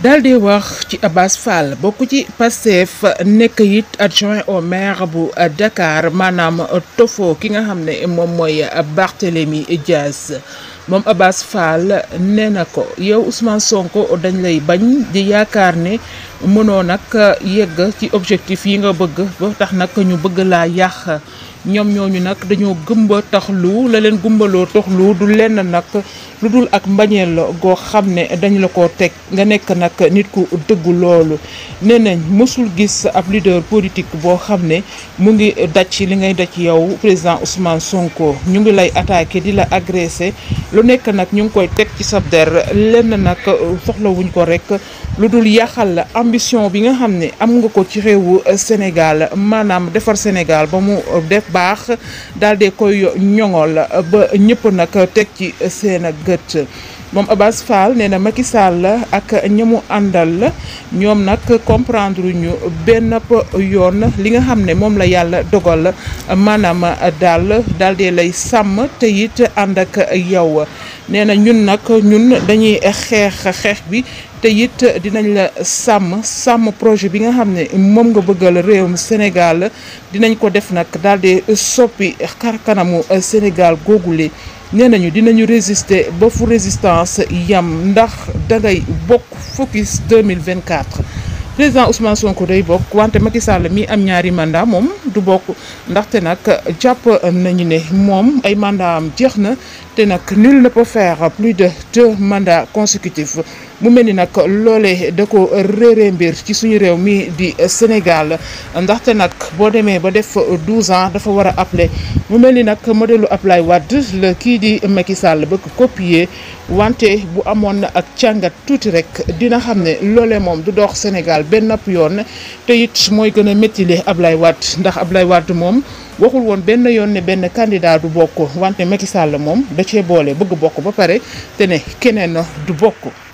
daal di wax ci Abass Fall bokk ci Pastef nekk it adjoint au maire bu Dakar maanaam tofo ki nga xam ne moom mooy ab Barthélémy Dias moom Abass Fall nee na ko yow Ousmane Sonko dañ lay bañ di yaakaar ne mënoo nag yegg ci objectif yi nga bëgg ba tax nag ñu bëgg laa yàq. ñoom ñooñu nag dañoo gëmba lu la leen gumbaloo lu du lenn nag lu dul ak mbañeel goo xam ne dañ la ko teg nga nekk nag nit ku dëggu loolu nee nañ mësul gis ab leader politique boo xam ne mu ngi daj li ngay daj yow président Ousmane Sonko ñu ngi lay attaqué di la agressé lu nekk nag ñu ngi koy teg ci sab der lenn nag soxlawuñ ko rek lu dul yàqal la ambition bi nga xam ne am nga ko ci réewu Sénégal maanaam defar Sénégal ba mu def baax dal de koy ñoŋol ba ñëpp nag teg ci seen gët. moom Abass Fall nee na Macky Sall ak ñamu àndal ñoom nag comprendre ñu benn yoon li nga xam ne moom la yàlla dogal maanaam daal daal dee lay sàmm te it ànd ak yow nee na ñun nag ñun dañuy xeex xeex bi te it dinañ la sàmm sàmm projet bi nga xam ne moom nga bëggal réewum Sénégal dinañ ko def nag daal di soppi xar kanamu Sénégal googule nee nañu dinañu résister ba fu résistance yam ndax dangay bokk focus 2024 président Ousmane Sonko day bokk wante Macky Sall mi am ñaari mandat moom du bokk ndaxte nag jàpp nañu ne moom ay mandat am jeex na te nag nul ne peut faire plus de deux mandats consécutifs mu mel ni nag loolee da ko réeree mbir ci suñu réew mi di Sénégal ndaxte nak bo démé ba def 12 ans dafa wara appelé mu mel ni modèle Ablaye Wade le ki di Macky Sall bëgg copier wante bu amone ak càngat tout rek dina xamné lolé mom du dox Sénégal benn yoon te it moy gëna a les Ablaye Wade ndax Ablaye Wade mom waxul woon benn yoon ne benn candidat du bokk wante Macky Sall moom da cee boole bëgg bokk ba pare te ne keneen du bokk.